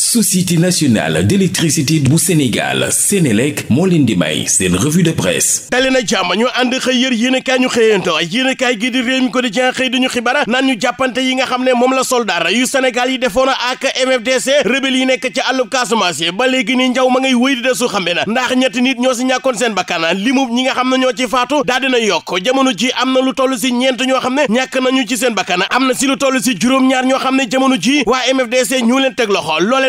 société nationale d'électricité bu Sénégal Sénélec moo leen di may seen revue de presse tali na jàmm ànd xëy yër yéenekaay ñu xëyanto yéenekaay gi di Rewmi Quotidien xëy duñu xibaar naan ñu jàppante yi nga xam ne moom la soldaar yu Sénégal yi defoon ak MFDC rebelle yi nekk ci àllub Casamance ba léegi ni njaw ma ngay wéy di desu xambe na ndax ñetti nit ñoo si ñàkkoon seen bakkan limu ñi nga xam ne ñoo ci faatu daal dina yokk jamono ji am lu toll si ñeent ñoo xam ne ñàkk nañu ci seen bakkan am na si lu toll si juróom-ñaar ñoo xam ne jamono ji waa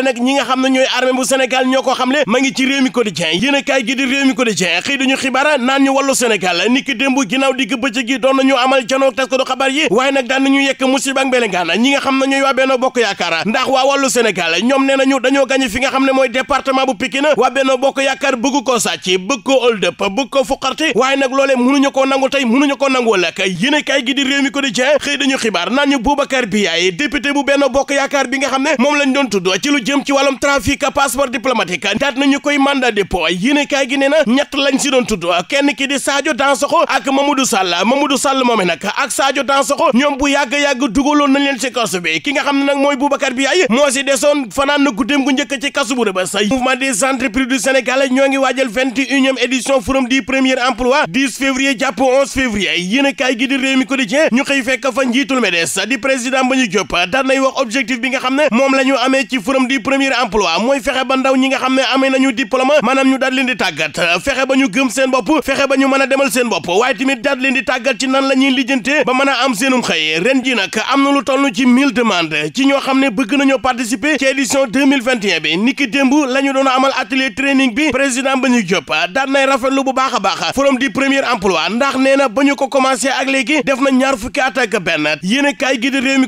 loolee nag ñi nga xam ne ñooy armée bu Sénégal ñoo ko xamle ma ngi ci réew mi quotidien yéen a kaay gi di réew mi quotidien xëy dañu xibaar naan ñu wàllu Sénégal ni ki doon nañu amal janoog tas ko du xabaar yi waaye nag daan nañu yekk musiba ak belengaan nga xam ne ñooy waa Benno Bokk Yaakaar ndax waa wàllu Sénégal ñoom nee nañu dañoo fi nga xam ne mooy département bu Pikine waa Benno Bokk Yaakaar bëgg koo sàcc koo hold up bëgg koo fuqarti waaye nag loolee mënuñu koo nangu tey mënuñu koo nangu lekk yéen a gi di réew mi quotidien xëy dañu xibaar naan ñu Boubacar Biaye député bu Benno Bokk Yaakaar bi nga xam ne moom lañ doon tudd ci lu jëm ci wàllum trafic passeport diplomatique daat nañu koy mandat dépôt yéene kaay gi nee na ñett lañ si doon tudd kenn ki di Sadio Dansokho ak Mamadou Sall Mamadou Sall moome nag ak Sadio Dansokho ñoom bu yàgg-yàgg dugaloon nañ leen ci kaso ki nga xam ne nag mooy Boubacar Biaye moo si desoon fanaan na guddeem bu Rebeuss mouvement des entreprises du Sénégal ñoo ngi waajal vingt et unième édition forum du premier emploi 10 février gi di Rewmi ñu xëy fekk fa njiitul bi nga xam ne moom la du premier emploi mooy fexe ba ndaw ñi nga xam ne amee nañu diplôme maanaam ñu daal leen di tàggat fexe ba gëm seen bopp fexe ba ñu mën a demal seen bopp waaye tamit daal leen di taggat ci nan la ñuy lijjante ba mën a am seenum xëy ren ji nag am na lu toll ci mil demandes ci ñoo xam ne bëgg nañoo participer ci édition 2021 bi niki démb la ñu doon amal atelier training bi président ba ñu jop daan nay rafetlu bu baax a baax forum du premier emploi ndax nee na ba ñu ko commencé ak léegi def na ñaar fukki at ak benn yéen a kaay gi di réew mi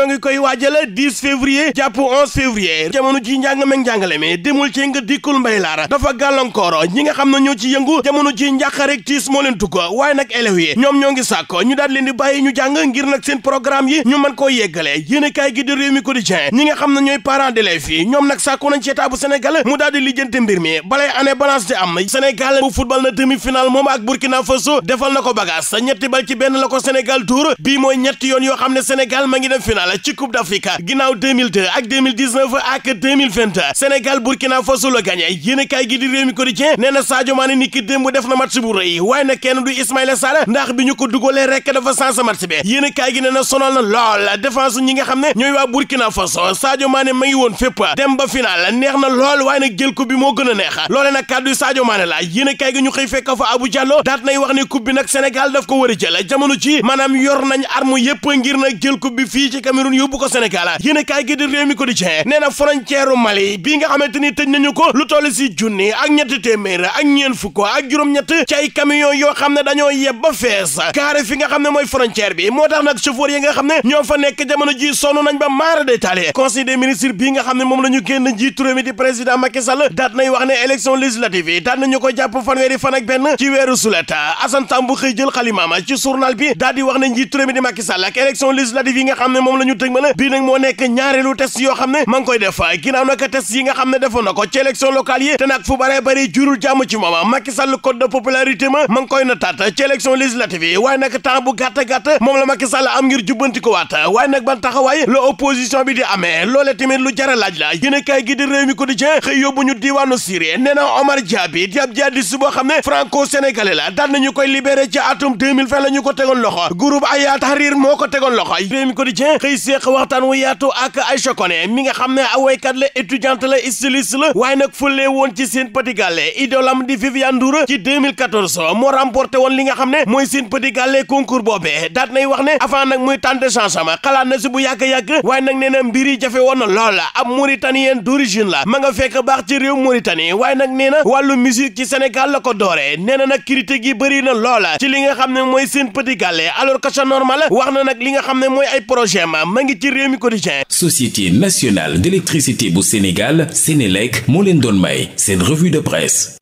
ñoo ngi koy waajala 10 février jàpp 11 février jamono njàng meeg njàngale mi demul ci nga dikkul mbay laara dafa gàllankooro ñi nga xam ne ñoo ci yëngu jamono ji njàqa rek tiis moo leen tugg waaye nag élèves ñoom ñoo ngi sàkko ñu daal leen di bàyyi ñu jàng ngir nag seen programme yi ñu mën koo yeggale yéene kaay gi di réew mi nga xam ne ñooy parents d'élèves yi ñoom nag sàkko nañ ci état Sénégal mu daal di lijjanti mbir mi balay année balance di am Sénégal bu football na demi final moom ak Burkina Faso defal na ko bagage ñetti bal ci benn la ko Sénégal tour bii mooy ñetti yoon yoo xam ne Sénégal ma ngi dem final Sénégal ci Coupe d'Afrique ginnaaw 2002 ak 2019 ak 2022 Sénégal Burkina Faso la gagné yéenekaay gi di Rewmi Quotidien nee na Sadio Mané ni ki démb def na match bu rëy waaye na kenn du Ismaïla Sarr ndax bi ñu ko dugalee rek dafa sens match bi yéenekaay gi nee na sonal na lool défense ñi nga xam ne ñooy waa Burkina Faso Sadio Mané ma ngi woon fépp dem ba final neex na lool waaye nag jël ko bi moo gën a neex loole nag kàddu Sadio Mané la yéenekaay gi ñu xëy fekk fa Abou Diallo daat nay wax ne coupe bi nag Sénégal daf ko war a jël jamono ci maanaam yor nañ arme yëpp ngir jël coupe bi fii Cameroun yóbbu ko Sénégal yéen kaay gi di réew mi quotidien nee na Mali bii nga xamante ni tëj nañu ko lu toll si junni ak ñetti téeméer ak ñeen fukk ak juróom-ñett ci ay camion yoo xam ne dañoo yeb ba fees carré nga xam ne mooy frontière bi moo tax nag chauffeur nga xam ne ñoo fa nekk jamono ji sonn nañ ba maara day taale conseil des ministres bii nga xam ne moom la ñu génn njiitu réew di président Macky Sall daat nay wax ne élection législative yi daat nañu ko jàpp ñu dëgmale bii nag moo nekk ñaareelu test yoo xam ne ma ngi koy def ginnaaw nag test yi nga xam ne defoon na ko ci élection yi te nag fu bare jurul jàmm ci mooma Macky Sall code de popularité ma ma koy nataat ci élection législative yi waaye nag temps bu moom la Macky am ngir jubbanti ko waat waaye nag ban bi di amee loolee tamit lu jara laaj la yéen kay gi di réew mi quotidien xëy yóbbu ñu diiwaanu Syrie nee Omar Diaby Diab Diadi séq waxtaan wu yaatu ak Aïcha Koné mi nga xam ne a awaykat la étudiante la styliste la waaye nag fulee woon ci Sen Petit Gallé idolam di Viviane Ndour ci 2014 moo remporté woon li nga xam ne mooy Sen Petit Gallé concours boobee daat nay wax ne avant nag muy tànn changement xalaat na si bu yàgg-yàgg waaye nag nee na mbir yi jafe woon na lool ab mauritanien d'origine la ma nga fekk baax ci réew Mauritanie waaye nag nee na wàllu musique ci Sénégal la ko dooree nee na nag critique yi bëri na loola ci li nga xam ne mooy Sen Petit Gallé alors que c'est normal wax na nag li nga xam ne mooy projet ma ma ngi ci Rewmi Quotidien société nationale d'électricité bu Sénégal Sénélec moo leen doon may seen revue de presse